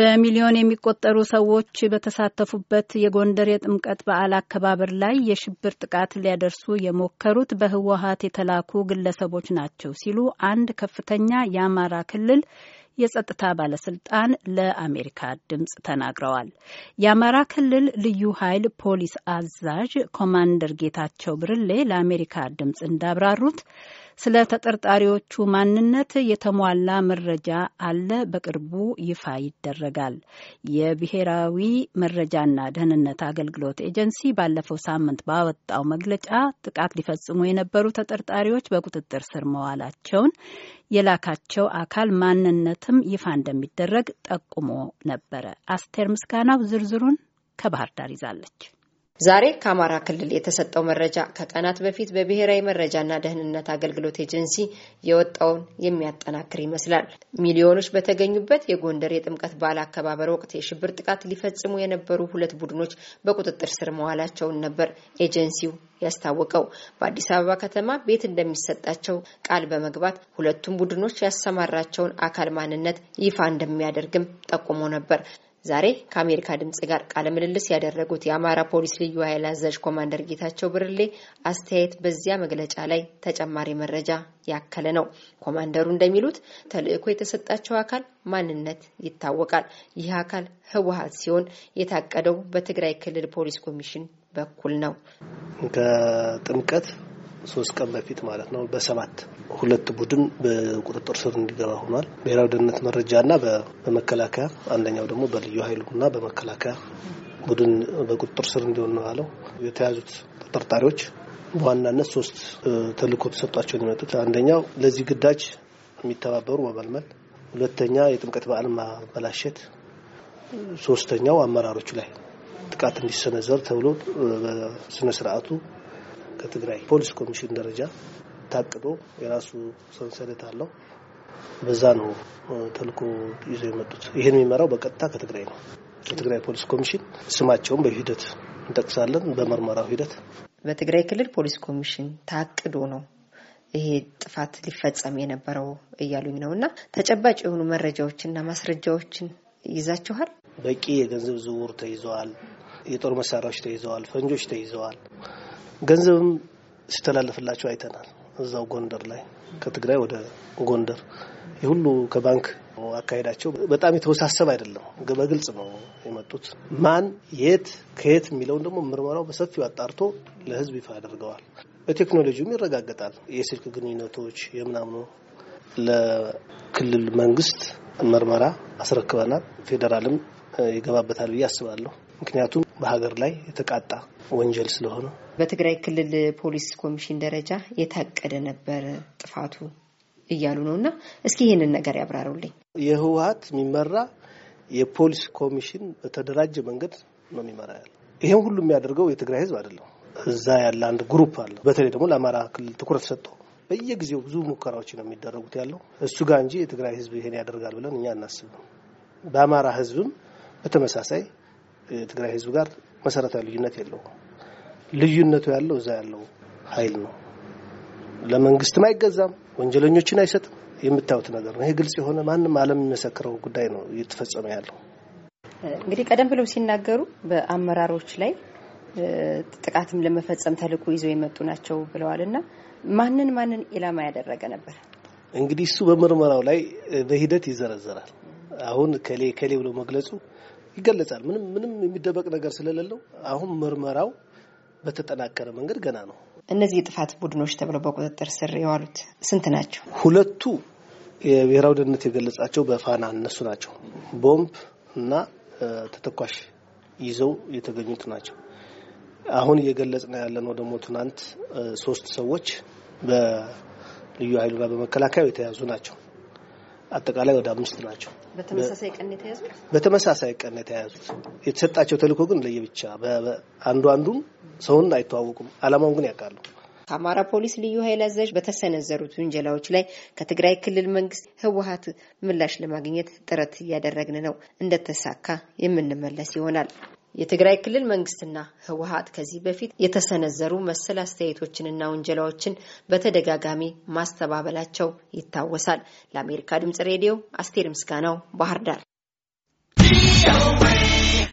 በሚሊዮን የሚቆጠሩ ሰዎች በተሳተፉበት የጎንደር የጥምቀት በዓል አከባበር ላይ የሽብር ጥቃት ሊያደርሱ የሞከሩት በህወሀት የተላኩ ግለሰቦች ናቸው ሲሉ አንድ ከፍተኛ የአማራ ክልል የጸጥታ ባለስልጣን ለአሜሪካ ድምፅ ተናግረዋል። የአማራ ክልል ልዩ ኃይል ፖሊስ አዛዥ ኮማንደር ጌታቸው ብርሌ ለአሜሪካ ድምፅ እንዳብራሩት ስለ ተጠርጣሪዎቹ ማንነት የተሟላ መረጃ አለ፣ በቅርቡ ይፋ ይደረጋል። የብሔራዊ መረጃና ደህንነት አገልግሎት ኤጀንሲ ባለፈው ሳምንት ባወጣው መግለጫ ጥቃት ሊፈጽሙ የነበሩ ተጠርጣሪዎች በቁጥጥር ስር መዋላቸውን፣ የላካቸው አካል ማንነትም ይፋ እንደሚደረግ ጠቁሞ ነበረ። አስቴር ምስጋናው ዝርዝሩን ከባህር ዳር ይዛለች። ዛሬ ከአማራ ክልል የተሰጠው መረጃ ከቀናት በፊት በብሔራዊ መረጃና ደህንነት አገልግሎት ኤጀንሲ የወጣውን የሚያጠናክር ይመስላል። ሚሊዮኖች በተገኙበት የጎንደር የጥምቀት በዓል አከባበር ወቅት የሽብር ጥቃት ሊፈጽሙ የነበሩ ሁለት ቡድኖች በቁጥጥር ስር መዋላቸውን ነበር ኤጀንሲው ያስታወቀው። በአዲስ አበባ ከተማ ቤት እንደሚሰጣቸው ቃል በመግባት ሁለቱም ቡድኖች ያሰማራቸውን አካል ማንነት ይፋ እንደሚያደርግም ጠቁሞ ነበር። ዛሬ ከአሜሪካ ድምጽ ጋር ቃለ ምልልስ ያደረጉት የአማራ ፖሊስ ልዩ ኃይል አዛዥ ኮማንደር ጌታቸው ብርሌ አስተያየት በዚያ መግለጫ ላይ ተጨማሪ መረጃ ያከለ ነው። ኮማንደሩ እንደሚሉት ተልዕኮ የተሰጣቸው አካል ማንነት ይታወቃል። ይህ አካል ህወሀት ሲሆን የታቀደው በትግራይ ክልል ፖሊስ ኮሚሽን በኩል ነው። ከጥምቀት ሶስት ቀን በፊት ማለት ነው በሰባት ሁለት ቡድን በቁጥጥር ስር እንዲገባ ሆኗል። ብሔራዊ ደህንነት መረጃና በመከላከያ አንደኛው ደግሞ በልዩ ኃይሉና በመከላከያ ቡድን በቁጥጥር ስር እንዲሆን ነው ያለው። የተያዙት ተጠርጣሪዎች በዋናነት ሶስት ተልእኮ ተሰጧቸውን የመጡት አንደኛው ለዚህ ግዳጅ የሚተባበሩ መመልመል፣ ሁለተኛ የጥምቀት በዓል ማበላሸት፣ ሶስተኛው አመራሮቹ ላይ ጥቃት እንዲሰነዘር ተብሎ በስነ ስርዓቱ ከትግራይ ፖሊስ ኮሚሽን ደረጃ ታቅዶ የራሱ ሰንሰለት አለው። በዛ ነው ተልኮ ይዞ የመጡት። ይህን የሚመራው በቀጥታ ከትግራይ ነው፣ ከትግራይ ፖሊስ ኮሚሽን። ስማቸውን በሂደት እንጠቅሳለን፣ በምርመራው ሂደት። በትግራይ ክልል ፖሊስ ኮሚሽን ታቅዶ ነው ይሄ ጥፋት ሊፈጸም የነበረው እያሉኝ ነው። እና ተጨባጭ የሆኑ መረጃዎችና ማስረጃዎችን ይዛችኋል? በቂ የገንዘብ ዝውውር ተይዘዋል፣ የጦር መሳሪያዎች ተይዘዋል፣ ፈንጆች ተይዘዋል። ገንዘብም ሲተላለፍላቸው አይተናል። እዛው ጎንደር ላይ ከትግራይ ወደ ጎንደር የሁሉ ከባንክ አካሄዳቸው በጣም የተወሳሰብ አይደለም፣ በግልጽ ነው የመጡት። ማን የት ከየት የሚለውን ደግሞ ምርመራው በሰፊው አጣርቶ ለህዝብ ይፋ ያደርገዋል። በቴክኖሎጂውም ይረጋገጣል። የስልክ ግንኙነቶች የምናምኑ ለክልል መንግስት ምርመራ አስረክበናል። ፌዴራልም ይገባበታል ብዬ አስባለሁ። ምክንያቱም በሀገር ላይ የተቃጣ ወንጀል ስለሆነ በትግራይ ክልል ፖሊስ ኮሚሽን ደረጃ የታቀደ ነበር ጥፋቱ እያሉ ነው። እና እስኪ ይህንን ነገር ያብራሩልኝ። የህወሀት የሚመራ የፖሊስ ኮሚሽን በተደራጀ መንገድ ነው የሚመራ ያለ። ይሄም ሁሉ የሚያደርገው የትግራይ ህዝብ አይደለም። እዛ ያለ አንድ ግሩፕ አለ። በተለይ ደግሞ ለአማራ ክልል ትኩረት ሰጥቶ በየጊዜው ብዙ ሙከራዎች ነው የሚደረጉት ያለው እሱ ጋር እንጂ የትግራይ ህዝብ ይሄን ያደርጋል ብለን እኛ አናስብም። በአማራ ህዝብም በተመሳሳይ የትግራይ ህዝብ ጋር መሰረታዊ ልዩነት የለው። ልዩነቱ ያለው እዛ ያለው ኃይል ነው። ለመንግስትም አይገዛም፣ ወንጀለኞችን አይሰጥም። የምታዩት ነገር ነው። ይሄ ግልጽ የሆነ ማንም ዓለም የሚመሰክረው ጉዳይ ነው እየተፈጸመ ያለው። እንግዲህ ቀደም ብለው ሲናገሩ በአመራሮች ላይ ጥቃትም ለመፈጸም ተልዕኮ ይዘው የመጡ ናቸው ብለዋል እና ማንን ማንን ኢላማ ያደረገ ነበር? እንግዲህ እሱ በምርመራው ላይ በሂደት ይዘረዘራል። አሁን ከሌ ከሌ ብሎ መግለጹ ይገለጻል። ምንም ምንም የሚደበቅ ነገር ስለሌለው አሁን ምርመራው በተጠናከረ መንገድ ገና ነው። እነዚህ የጥፋት ቡድኖች ተብለው በቁጥጥር ስር የዋሉት ስንት ናቸው? ሁለቱ የብሔራዊ ደህንነት የገለጻቸው በፋና እነሱ ናቸው። ቦምብ እና ተተኳሽ ይዘው የተገኙት ናቸው። አሁን እየገለጽ ነው ነው ደግሞ ትናንት ሶስት ሰዎች በልዩ ኃይሉና በመከላከያው የተያዙ ናቸው። አጠቃላይ ወደ አምስት ናቸው። በተመሳሳይ ቀን የተያዙት በተመሳሳይ ቀን የተሰጣቸው ተልእኮ ግን ለየብቻ አንዱ አንዱን ሰውን አይተዋወቁም። አላማውን ግን ያውቃሉ። ከአማራ ፖሊስ ልዩ ኃይል አዛዥ በተሰነዘሩት ውንጀላዎች ላይ ከትግራይ ክልል መንግስት ህወሀት ምላሽ ለማግኘት ጥረት እያደረግን ነው። እንደተሳካ የምንመለስ ይሆናል። የትግራይ ክልል መንግስትና ህወሀት ከዚህ በፊት የተሰነዘሩ መሰል አስተያየቶችንና ውንጀላዎችን በተደጋጋሚ ማስተባበላቸው ይታወሳል። ለአሜሪካ ድምጽ ሬዲዮ አስቴር ምስጋናው ባህር ዳር